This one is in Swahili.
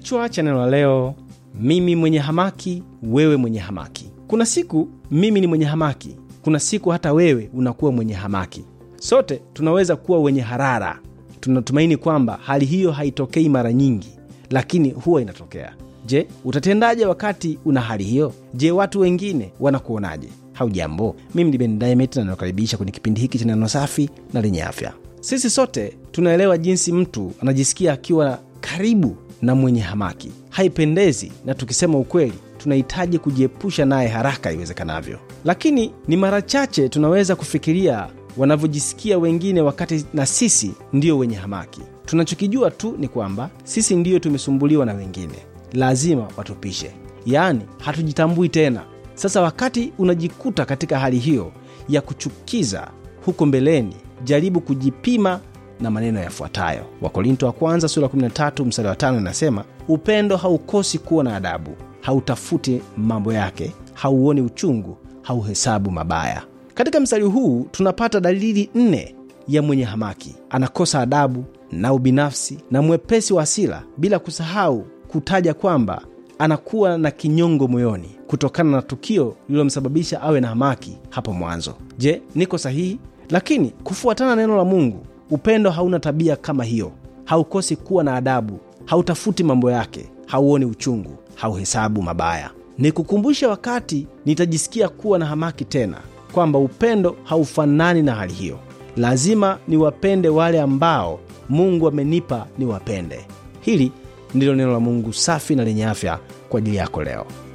Kichwa cha neno la leo: mimi mwenye hamaki, wewe mwenye hamaki. Kuna siku mimi ni mwenye hamaki, kuna siku hata wewe unakuwa mwenye hamaki. Sote tunaweza kuwa wenye harara. Tunatumaini kwamba hali hiyo haitokei mara nyingi, lakini huwa inatokea. Je, utatendaje wakati una hali hiyo? Je, watu wengine wanakuonaje? Haujambo, mimi ni Ben na nakaribisha kwenye kipindi hiki cha neno safi na lenye afya. Sisi sote tunaelewa jinsi mtu anajisikia akiwa karibu na mwenye hamaki. Haipendezi, na tukisema ukweli tunahitaji kujiepusha naye haraka iwezekanavyo, lakini ni mara chache tunaweza kufikiria wanavyojisikia wengine wakati na sisi ndio wenye hamaki. Tunachokijua tu ni kwamba sisi ndiyo tumesumbuliwa na wengine, lazima watupishe, yaani hatujitambui tena. Sasa wakati unajikuta katika hali hiyo ya kuchukiza huko mbeleni, jaribu kujipima na maneno yafuatayo. Wakorinto wa kwanza sura 13 mstari wa 5 inasema, upendo haukosi kuwa na adabu, hautafuti mambo yake, hauoni uchungu, hauhesabu mabaya. Katika mstari huu tunapata dalili nne ya mwenye hamaki: anakosa adabu na ubinafsi na mwepesi wa hasira, bila kusahau kutaja kwamba anakuwa na kinyongo moyoni kutokana na tukio lililomsababisha awe na hamaki hapo mwanzo. Je, niko sahihi? Lakini kufuatana na neno la Mungu, Upendo hauna tabia kama hiyo, haukosi kuwa na adabu, hautafuti mambo yake, hauoni uchungu, hauhesabu mabaya. Nikukumbushe wakati nitajisikia kuwa na hamaki tena, kwamba upendo haufanani na hali hiyo. Lazima niwapende wale ambao Mungu amenipa niwapende. Hili ndilo neno la Mungu safi na lenye afya kwa ajili yako leo.